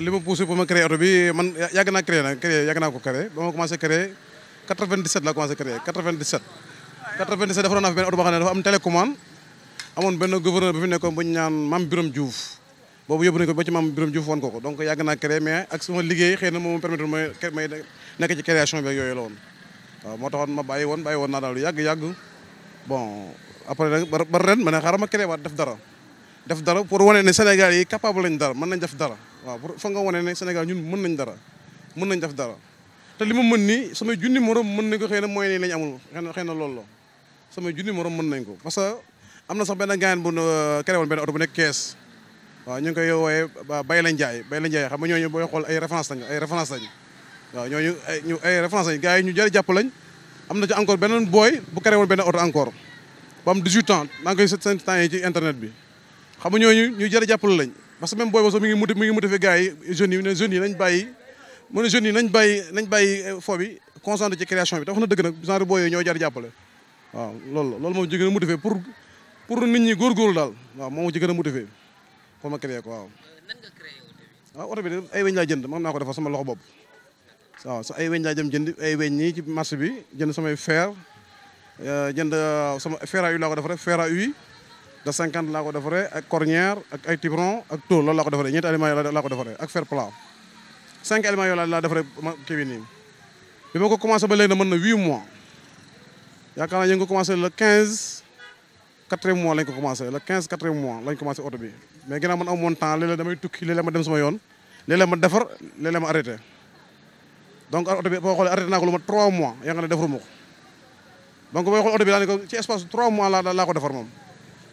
li ma poussé pour ma créer oto bi créer nag créer ko créer ba ma commencé créer 97 laa commencé créer 97 97 defaroon benn oto boo xam ne dafa am télécommande amoon benn gouverneur bi fi nekkoon bu ñu naan Mame Birame boobu ko ci Mame Birame Diouf woon ko ko donc yàgg naa créer mais ak suma liggéey xëy na moom permettre may nekk ci création bi ak yooyu la woon moo taxoon ma bàyyi woon bàyyi woon na daal lu yàgg yàgg bon après nag ba ren ma ne xaaral ma créer waat def dara def dara pour wane ne Sénégal yi capable lañ dara mën nañ def dara waaw pour fa nga wane ne Sénégal ñun mën nañ dara mën nañ def dara te li ma mën nii samay junni morom mën nañ ko xëy na moyen yi lañ amul xëy na loolu la samay junni morom mën nañ ko parce que am na sax benn gaayan bu créé euh, woon benn oto bu nekk kees waaw ñu ngi koy wooyee bay lañ jaay bay lañ jaay xam nga ñooñu booy xool ay référence lañ ay référence lañ ñooñu ay ñu ay référence lañ yi ñu jëri jàpp lañ am na ci encore beneen booy bu créé woon benn oto encore ba am 18 ans maa ngi koy seet seen yi ci internet bi xam nga ñooñu ñu jërë jàppale lañ parce que même booy boso mi ngi mi ngi motivé gars yi jeunes yi ne jeunes yi nañ bàyyi moo ne jeunes yi nañ bàyyi nañ bàyyi euh, fo bi concentré ci création bi te wax na dëgg nag genre booy yooyu ñoo jar jàppale waaw loolu loolu moom ci gën a motivé pour pour nit ñi góorgóorlu daal waaw moom ci gën a motivé pour ma créé ko waaw euh, waaw ah, oto bi de ay weñ laa jënd mën naa ko defar sama loxo bopp waaw sa ay weñ laa jëm jënd ay weñ nii ci marché bi jënd samay fer euh, jënd sama fer à huile ko defar rek fer à de cinquante laa ko defaree ak cornière ak ay tiburon ak tôle loolu laa ko defaree ñeenti éléments laa ko defaree ak fer plat cinq éléments yooyu laa defaree kii bi ma ko commencé ba léegi na mën na huit mois yaakaar naa ñu ko commencé le quinze quatrième mois lañ ko commencé le quinze quatrième mois lañ commencé oto bi mais ginnaaw man amoon temps léeg-léeg damay tukki léeg-léeg bi boo xoolee arrêté naa ko lu ma trois mois yaa nga ne defaruma ko donc booy xool ko ci laa ko defar moom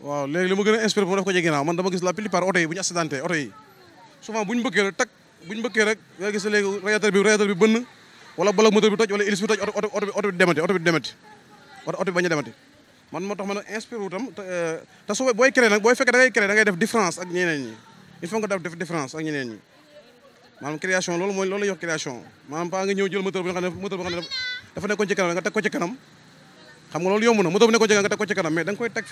waaw léegi li ma gën a inspiré bu ma def ko ci ginnaaw man dama gis la plupart oto yi bu ñu accidenté yi souvent bu ñu bëkkee rek nga gis léegi radiateur bi radiateur bi bënn wala bloc moteur bi toj wala hélice bi toj oto oto oto bi demati oto bi demati bañ a demati man moo tax man a inspiré wu tam te su booy créé nag booy fekk da def différence ak ñeneen il faut nga def différence ak ñeneen ñi création loolu mooy loolu la création maanaam pas nga ko ci kanam xam nga loolu yomb koy teg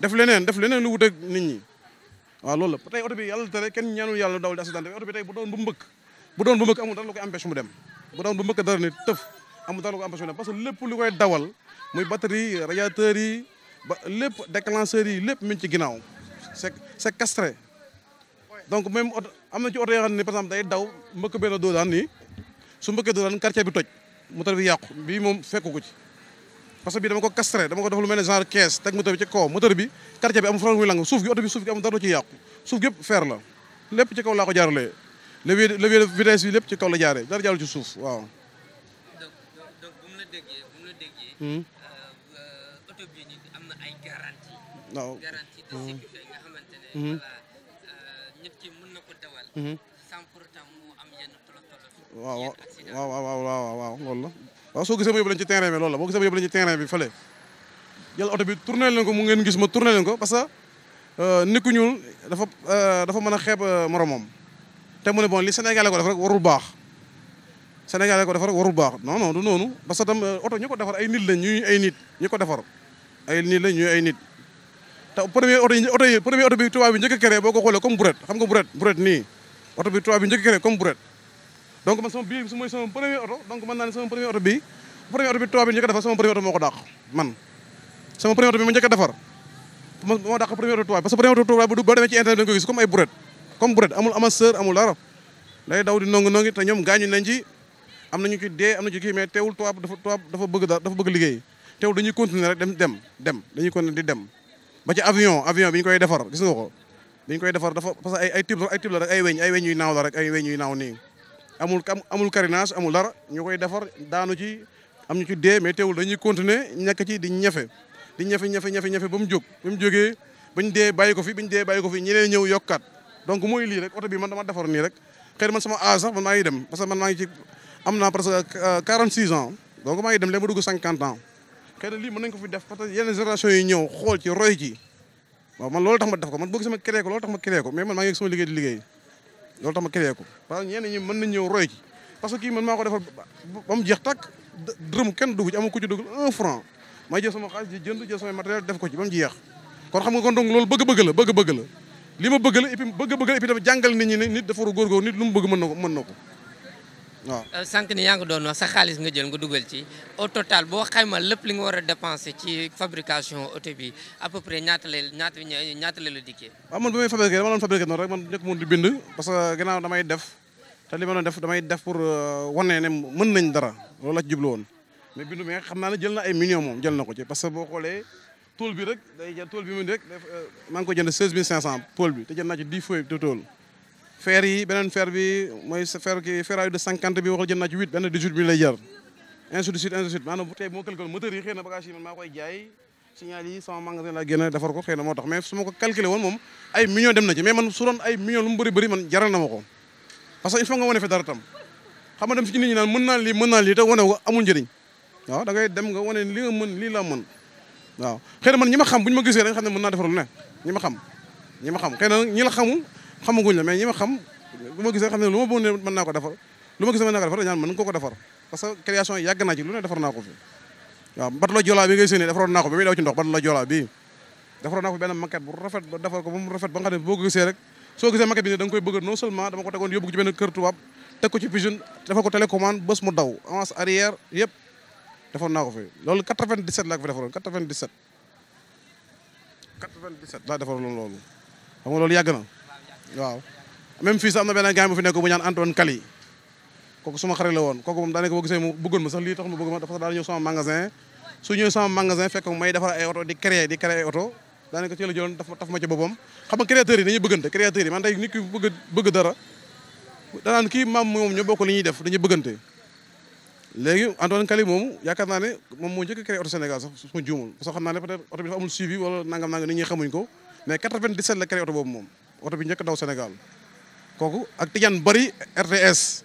def leneen def leneen lu wut ak nit ñi waaw loolu la tey oto bi yàlla tere kenn ñaanul yàlla daw di accident oto bi tey bu doon bu mbëkk bu doon bu mbëkk dara bu doon bu mbëkk dara ni tëf amul dara lu koy empêche mu dem parce que lépp lu koy dawal muy batterie yi radiateur yi ba lépp déclencheur yi lépp mi ngi ci ginnaaw c'est c'est castré donc même oto am na ci oto yoo xam ne par exemple day daw mbëkk benn doo daan nii su mbëkkee doo daan quartier bi toj moteur bi yàqu bii moom fekku ko ci parce que bii dama ko castré dama ko def lu mel ne genre caisse teg moteur bi ci kaw moteur bi quartier bi amul franc muy suuf gi oto bi suuf gi amul dara ci yàqu suuf la lépp ci kaw laa ko bi lépp ci kaw la jaaree dara jaarul ci suuf waaw. donc donc bu mu la déggee bu mu waaw waaw waaw waaw waaw waaw waaw soo gisee ma yóbbu leen ci bi loolu la boo gisee ma yóbbu leen ci bi fële jël oto bi tourné leen ko mu ngeen gis ma tourné leen ko parce que euh, nit ku ñuul dafa euh, dafa mën a xeeb euh, moromam te mu ne bon li Sénégalais ko def rek baax Sénégalais ko def baax non non du noonu parce que oto ñi ko defar ay nit lañ ñuy ay nit ñi ko defar ay nit lañ ñuy ay nit te premier oto yi oto yi bi tubaab njëkk a créé boo ko xoolee comme brouette xam nga brouette brouette nii oto bi tubaab bi njëkk a comme brouette donc man sama bii su mooy sama premier oto donc man naa ne sama premier oto bi tubaab bi njëkk defar sama premier oto moo ko dàq man sama premier oto bi ma njëkk a defar moo dàq premier oto tubaab parce que premier am nañu ci dee am na ci kii mais teewul tubaab dafa tubaab dafa bëgg dara dafa bëgg liggéey teewul dañuy continuer rek dem dem dem dañuy continuer di dem ba ci avion avion bi ñu koy defar gis nga ko bi koy defar dafa parce que ay ay tib ay tib rek ay weñ ay weñ yuy naaw la rek ay weñ yuy naaw nii amul am amul carénage amul dara ñu koy defar daanu ci am ñu ci dee mais teewul dañuy continuer nekk ci di ñafe di ñafe ñafe ñafe ñafe ba mu jóg ba mu jógee bañ dee bàyyi ko fi bañ ñëw yokkaat donc mooy lii rek oto bi man dama defar nii rek xëy na man sama âge sax man maa dem parce que man maa euh, ans donc maa dem léegi ma dugg 50 ans xëy na lii mën nañ ko fi def parce que yeneen génération yi ñëw xool ci roy ci waaw man loolu tax ma def ko man bëgg sama loolu tax ma créé ko man maa ngi liggéey di liggéey loolu tax ma créé ko parce que ñenn ñi mën nañ ñëw roy ci parce que kii man maa ko defal ba mu jeex tàkk dërëm kenn dugg ci amul ku ci dugg un franc may jël sama xaalis jënd jël sama matériel def ko ci ba mu jeex kon xam nga kon donc loolu bëgg-bëgg la bëgg-bëgg la li ma bëgg la et puis bëgg-bëgg la et dafa jàngal nit ñi ne nit dafa war a góorgóor nit lu mu bëgg mën na ko mën na ko waaw euh, sànq ni yaa ngi doon wax sa xaalis nga jël nga dugal ci au total boo xayma lépp li nga war a dépensé ci fabrication oto bi à peu près ñaata la ñaata ñaata la la dikkee. waaw man bi may fabriqué dama doon parce que gannaaw damay def te li ma doon def damay def pour euh, wane ne mën nañ dara loolu la ci jublu woon mais bindu mi xam naa ne jël na ay millions moom jël na ko ci parce que boo xoolee tool bi rek day jël tool bi mu rek euh, maa ngi ko jënd seize mille cinq cent tool bi te jël naa ci dix fer yi beneen fer bi mooy de cinquante bi waxal jënd naa huit benn dix-huit bi lay jar ainsi de suite ainsi de suite maanaam moo calculé moteur yi xëy na bagage yi man maa koy jaay signal yi sama magasin laa génn defar ko xëy moo tax mais su ko calculé woon moom ay millions dem na ci mais man su ay millions lu mu bëri man jaral na ko parce que il faut nga wane fi dara tam xam nga dem ci nit mën naa lii mën naa lii te wane ko amul ñi ma xam bu ñu ma gisee dañ xam ne mën naa defar lu xamaguñ la mais ñi ma xam lu ma gis xam ne lu ma bëgg ne mën naa ko defar lu ma gis mën naa ko defar dañaan mën nga ko defar parce que création yàgg naa ci lu ne defar naa ko fi waaw batula joolaa bi ngay séenee defaroon naa ko bi rafet ba defar ko ba mu rafet ba nga xam ne boo ko gisee rek soo gisee maquette bi ne da nga koy bëgg daw avance arrière yëpp defoon naa ko fi loolu 97 laa ko fi laa defaroon loolu loolu yàgg na waaw même fii sax am na beneen gars bu fi nekk bu ñaan Antoine Kali kooku suma xarit woon kooku moom daanaka boo gisee mu bëggoon ma sax lii tax mu bëgg ma dafa daal ñëw sama magasin ma ci boppam xam nga créateurs yi dañuy bëggante bëgg bëgg dara maam moom ñoo bokk li ñuy def dañuy bëggante léegi Antoine Kali moomu yaakaar naa ne moom moo njëkk créé oto Sénégal sax suma juumul parce que xam naa ne peut-être bi dafa amul suivi wala nangam nangam nit ñi xamuñ ko mais 97 la créé oto boobu moom oto bi njëkk daw Sénégal kooku ak Tidiane Bari RTS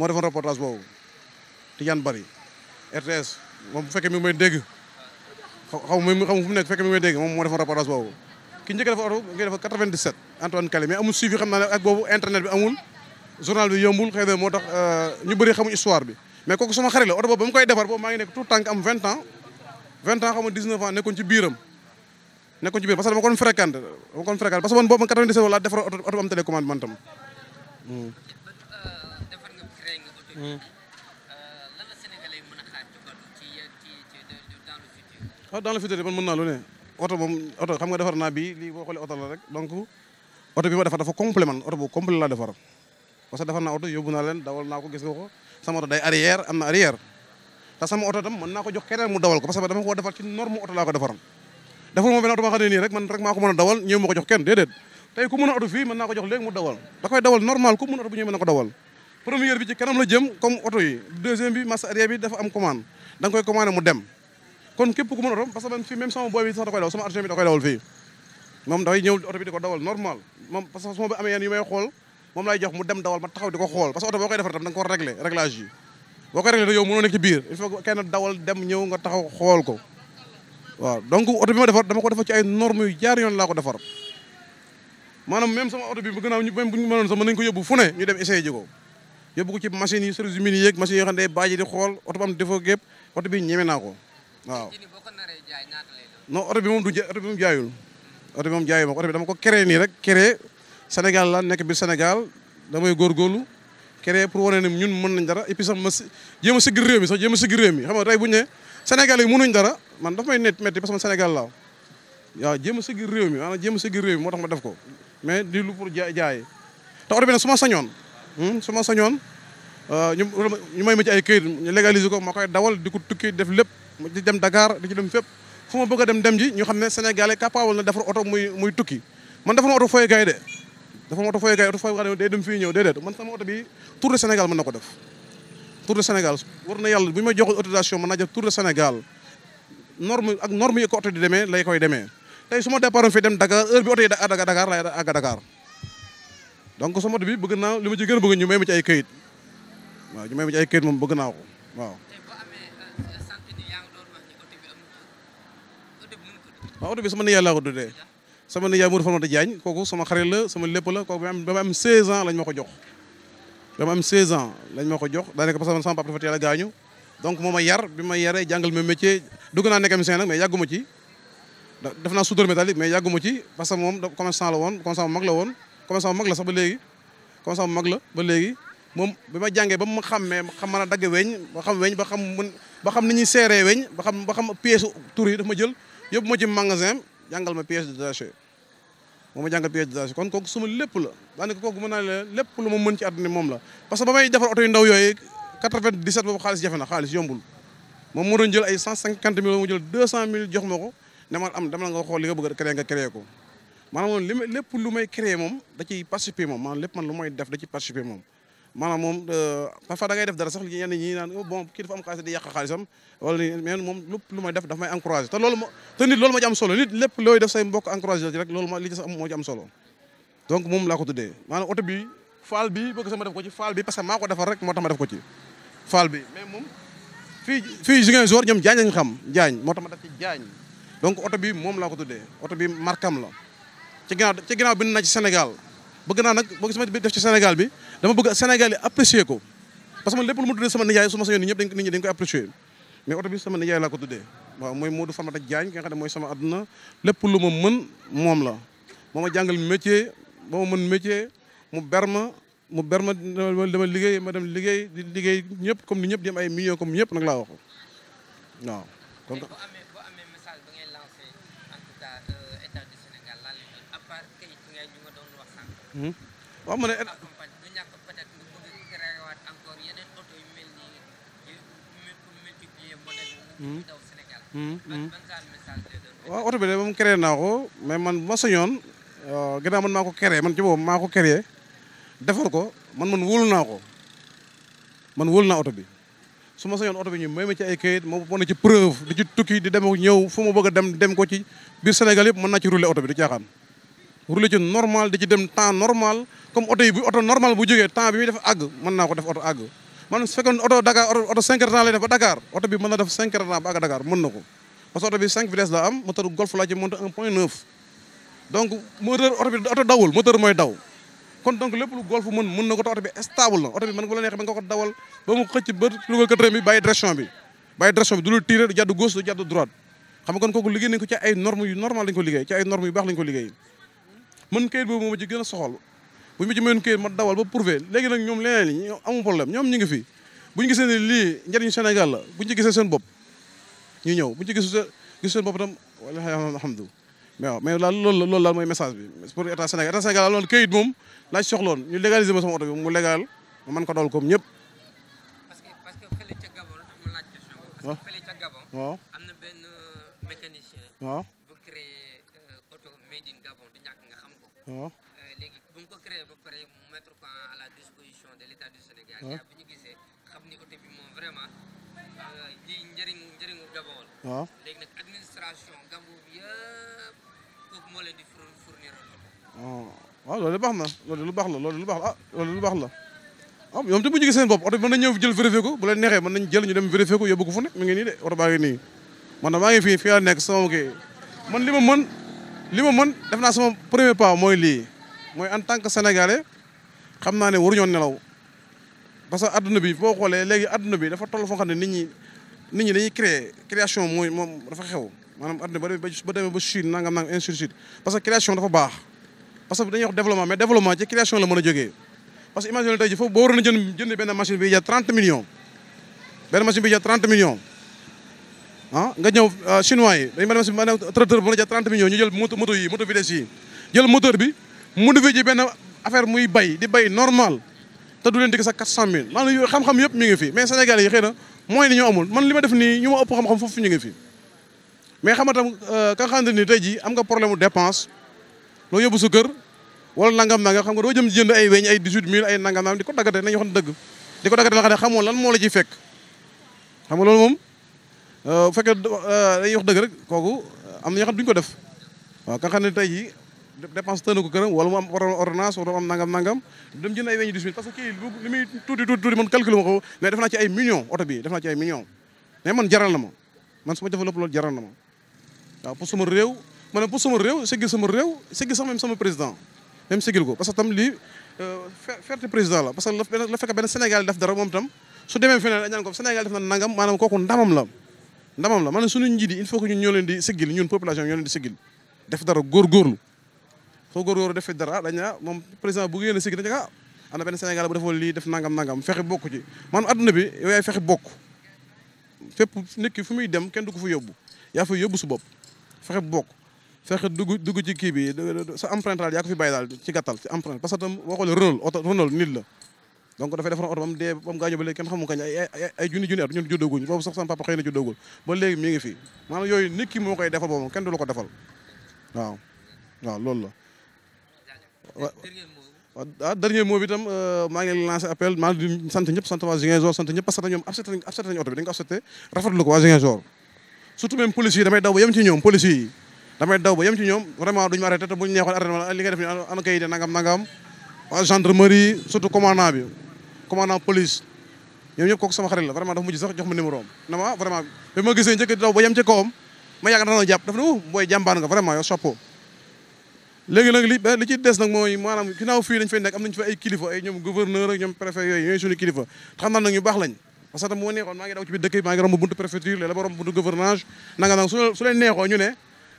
moo defoon reportage boobu Tidiane Bari RTS moom fekkee mi ngi dégg moom moo defoon reportage boobu ki njëkk dafa oto ngi dafa 97 Antoine Calé mais amul suivi xam naa ne ak boobu internet bi amul journal bi yombul xëy moo tax euh, ñu bëri xamuñ histoire bi mais kooku sama xarit la oto boobu ba mu koy defar boobu maa ngi nekk tout tànk am 20 ans 20 ans xaw ma 19 ans nekkoon ci biiram nekkoon ci biir parce que dama ko doon fréquente dama ko doon fréquente parce que man boobu 97 oto oto am télécommande man tam. Hmm. Hmm. ah dans le futur man mën naa lu ne oto moom oto xam nga defar naa bii lii boo xoolee oto la rek donc oto bi ma defar dafa complet man oto boobu complet laa defar parce que defar naa oto yóbbu naa leen dawal naa ko gis nga ko sama oto day arrière am na arrière te sama oto tam mën naa ko jox keneen mu dawal ko parce que dama ko defar ci norme oto laa ko defaroon. defal ma benn oto boo xam ne nii rek man rek maa ko mën a dawal ñëw ma ko jox kenn déedéet tey ku mën a oto fii mën naa ko jox léegi mu dawal da koy dawal normal ku mën oto bu ñëw mën na ko dawal première bi ci kanam la jëm comme oto yi moom dafay ñëw oto bi di ma ba amee yenn yu may xool moom laay jox mu dem dawal ma taxaw di ko xool parce que oto boo koy defar tam da ko réglé réglage yi boo koy réglé yow mënoo nekk ci biir il faut que kenn dawal dem ñëw nga taxaw xool ko waaw donc oto bi ma defar dama ko def a ay normes yu yoon laa ko defar maanaam même sama oto bi bu gënaaw ñu même bu ñu mënoon sax ko yóbbu fu ne ñu dem essayé ji ko yóbbu ko ci machines yi service humains yi yeeg machines yoo xam ne baaji xool oto bi am defoo gépp oto bi ñeme naa ko waaw non oto bi moom du jaay oto bi moom jaayul oto bi moom jaayul ma dama ko créé nii rek créé Sénégal la nekk biir Sénégal damay góorgóorlu créé pour wane ne ñun mën nañ dara et puis sax ma jéem a siggi réew mi sax mi xam nga tey bu ñu ne Sénégal yi mënuñ dara man dafa may net métti parce que man Sénégal laaw waaw jéem réew mi maanaam jéem a siggi réew mi moo tax ma def ko mais di lu pour jaay te oto bi nag ma sañoon su ma sañoon hmm, euh, ñu ñu may ma ci ay ñu légaliser ko ma koy dawal di ko tukki def lépp di dem Dakar di ci dem fépp fu ma bëgg dem dem ji ñu xam ne Sénégalais capable na defar oto muy muy tukki man defar oto fooy gay de dafa am oto fooyukaay oto fooyu xam day dem fii ñëw déedéet man sama oto bi tour de Sénégal mën na ko def tour de Sénégal war na yàlla bu ma jox autorisation man naa def tour de Sénégal norme ak norme yi ko oto di demee lay koy demee tey su ma départoon dem Dakar heure bi oto yi Dakar lay Dakar donc sama oto bi bëgg naa li ma ci gën a bëgg ñu ma ci ay këyit ñu may ma ay këyit moom bëgg naa ko euh, waaw oto bi sama nijaay laa ko tuddee sama nijaay Modou Falmata Diagne kooku sama xarit la sama lépp la kooku ba ma am 16 ans lañ ma ko jox ba ma am 16 ans lañ ma ko jox daanaka parce que sama papa dafa teel a gaañu donc moo ma yar bi ma yaree jàngal ma métier dugg naa nekk mécanicien nag mais yàgguma ci def naa soudeur métallique mais yàgguma ci parce que moom commerçant la woon commerçant mag la woon commerçant mag la sax ba léegi commerçant mag la ba léegi moom bi ma jàngee ba ma xammee xam ma a dagg weñ ba xam weñ ba xam mën ba xam ni ñuy seeree weñ ba xam ba xam pièce tur yi daf ma jël yóbbu ma ci magasin jàngal ma pièce de détaché moo ma jàngal pièce détachée kon kooku suma lépp la daanaka kooku mën naa ne lépp lu ma mën ci àdduna moom la parce que ba may defar oto yu ndaw yooyu 97 boobu xaalis jafe na xaalis yombul moom moo doon jël ay 150 mille mu jël mille jox ma ko ne ma am dama la nga xool li nga bëgg a créé nga créé ko maanaam moom li lépp lu may lu may def da ciy participer moom maanaam moom euh, parfois da ngay def dara sax yenn ñi naan oh, bon kii dafa am xaalis di yàq xaalisam wala mais moom lu ma def daf may encouragé te loolu ma te nit loolu ma ci solo nit lépp looy def say mbokk encouragé rek loolu ma li ci am moo ci donc moom laa ko tuddee maanaam oto bi faal bi bëgg sama def ko ci faal bi parce que maa ko defar rek moo tax ma def ko ci faal bi mais moom fii fii jigéen jour ñoom jaañ lañ xam jaañ moo tax ma def ci jaañ donc oto bi moom laa ko tuddee oto bi markam la ci ginnaaw ci ginnaaw bi na ci Sénégal bëgg naa nag boo gis ma def ci Sénégal bi dama bëgg Sénégal yi apprécier ko parce que man lépp lu mu tuddee sama nijaay su ma sañoon nit ñëpp dañ nit ñi dañ koy apprécier mais oto bi sama nijaay laa ko tuddee waaw mooy Modou Famata Diagne ki nga xam ne mooy sama àdduna lépp moom la moo ma jàngal métier moo ma mën métier mu ber ma mu ber ma dama liggéey ma dem liggéey di liggéey ñëpp comme ni ñëpp di am ay millions comme ñëpp nag laa wax waaw Hmm? waaw ma ne. Hmm? oto bi de moom créé naa ko mais man bu ma soñoon gannaaw man maa ko créé man ci boobu maa ko créé defar ko man man wóolu naa ko man wóolu naa oto bi su ma soñoon oto bi ñu may ma ci ay kayit ma mën na ci preuve di ci tukki di dem ak ñëw fu ma bëgg dem dem ko ci biir Sénégal yëpp mën naa ci rouler oto bi di caaxaan. roulé ci normal di ci dem temps normal comme oto yi bu oto normal bu jógee temps bi muy def àgg mën naa ko def oto àgg maanaam su fekkoon oto oto cinq heures temps lay def ba Dakar oto bi mën na ko parce lépp lu golf mën mën na ko te oto bi stable na oto bi mën nga la neex ba nga ko dawal ba mu xëcc ba dugal quatrième bi bàyyi bi bàyyi direction bi du lu tiré du jàddu gauche du jàddu droite xam nga kon liggéey nañ ko ci ay normal lañ ko liggéey ci ay normes yu baax lañ ko liggéey man kayit boobu moom ci gën a soxal bu ñu ma ci kayit ma dawal ba prouvé léegi nag ñoom leneen li amul problème ñoom ñu ngi fi bu ñu gisee ne lii njariñ Sénégal la bu ñu ci gisee seen bopp ñu ñëw bu ñu ci gisee gis seen bopp itam wala alhamdu mais waaw mais daal loolu loolu mooy message bi pour état Sénégal état Sénégal loolu kayit moom laa soxloon ñu légaliser ma sama oto bi mu légal ma mën ko dawal comme ñëpp Euh, léegi bu ñu ko créé ba pare mu mettre ko loolu lu baax na loolu lu baax la loolu lu baax la ah loolu ah, bu ñu seen bopp oto bi mën nañu ñëw jël vérifié ko bu leen neexee mën nañu jël ñu dem vérifié ko yóbbu ko fu ne ngi nii de oto baa ngi nii man maa ngi fii fii nekk sama kii man li ma mën. li ma mën def naa sama premier pas mooy lii mooy en tant que sénégalais xam naa ne waruñoo nelaw parce que adduna bi boo xoolee léegi na bi dafa toll foo xam ne nit ñi nit ñi dañuy créer création mooy moom dafa xew maanaam adduna ba ba demee ba Chine nangam nangam ainsi de suite parce que création dafa baax parce que dañuy wax développement mais développement ci création la mën a jógee parce que imagine tey foofu boo waroon a jënd jënd benn machine bi jar 30 millions benn machine bi ah nga ñëw ah, chinois yi dañu ma dem si ñu jël moto yi moto vitesse yi jël moteur bi modifié ji benn affaire bay di bay normal du leen digg sax 400000 maanaam yooyu xam-xam yëpp mi ngi fi mais Sénégal yi xëy na mooy ni ñoo amul man li ma def nii ñu ma ëpp xam-xam foofu ñu ngi fi mais xam nga tam euh, ka nga xamante ni tey jii am nga problème mu dépense loo yóbbu sa kër wala nangam xam nga doo jëm jënd ay weñ ay 18000 ay nangam nangam di ko daggate nañu xam dëgg di ko daggate la xam lan moo la ciy fekk xam nga loolu moom Euh, bu fekkee euh, dañuy wax dëgg rek kooku euh, am na ñoo xam duñ ko def waaw ka xam ne tey jii dépense tëna ko këram wala mu am ordonnance wala mu am nangam nangam dem jënd ay weñu dix mille parce que kii tuuti tuuti man calcule ma ko mais def naa ci ay millions oto bi def naa ci ay millions mais man jaral na ma man su ma defal loolu jaral na ma waaw pour sama réew ma ne pour sama réew seggil sama réew seggil sax même sama président même seggil ko parce que tam lii ferte président la parce que la fekk benn Sénégal def dara ndamam la man suñu njiit yi il faut que ñun ñoo leen di siggil ñun population ñoo leen di siggil def dara góorgóorlu foo góorgóorlu def dara dañ naa ah, moom président bu ngeen a siggil dañ ah am na benn Sénégal bu defoon lii def nangam nangam fexe bokk ci man adduna bi yow yaay fexe bokk fépp nit fu muy dem kenn du ko fa yóbbu yaa fa yóbbu su bopp fexe bokk fexe dugg dugg ci kii bi sa empreinte daal yaa ko fi bàyyi daal ci gàttal ci empreinte parce tam boo xoolee la donc dafay defaroon oto ba mu dee ba mu gaañoo ba léegi kenn xamu kañ ay junni junni at ñun juddooguñ boobu ba léegi mi fi maanaam yooyu nit ki moo koy defal boobu kenn du la defal waaw waaw loolu la waaw dernier mot bi itam maa ngi leen appel maa ngi sant ñëpp sant waa Ziguinchor sant ñëpp parce que ñoom accepté nañ accepté nañu oto bi dañ ko accepté rafetlu ko waa Ziguinchor surtout même police yi damay daw ba yem ci ñoom police yi damay daw ba te buñu neexoon arrêté li nga nangam bi commandant police ñoom ñëpp kooku sama xarit la vraiment dafa mujj sax jox ma numéro am na ma vraiment bi ma gisee njëkk daw ba yem ca kawam ma yàgg na jàpp dafa ne uh booy jàmbaan nga vraiment yow chapeau léegi nag li li ci des nag mooy maanaam ginnaaw fii dañu fay nekk am nañu fa ay kilifa ay ñoom gouverneur ak ñoom préfet yooyu ñooy suñu kilifa te xam naa nag ñu baax lañ parce que tam moo neexoon maa ngi daw ci biir dëkk bi maa ngi romb buntu préfecture léeg-léeg ba romb buntu gouvernance nanga nag su leen neexoo ñu ne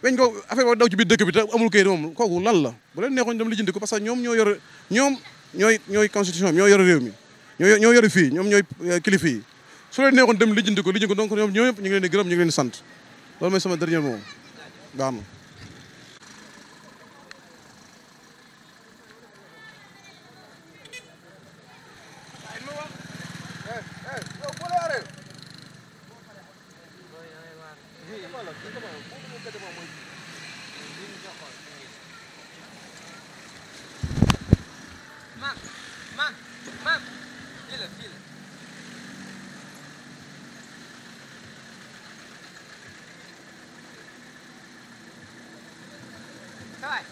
weñ ko affaire ba daw ci biir dëkk bi te amul kayit moom kooku lan la bu leen neexoo ñu dem lijjanti ko parce que ñoom ñoo yor ñoom ñooy ñooy constitution bi ñoo yor réew mi ñoo ñoo yore fii ñoom ñooy euh, kilifa yi su leen neexoon dem lijjanti ko lijjanti ko donc ñoom ñoo ñëpp ñu ngi leen di gërëm ñu ngi leen di sant loolu mooy sama dernier mot baax na Давай.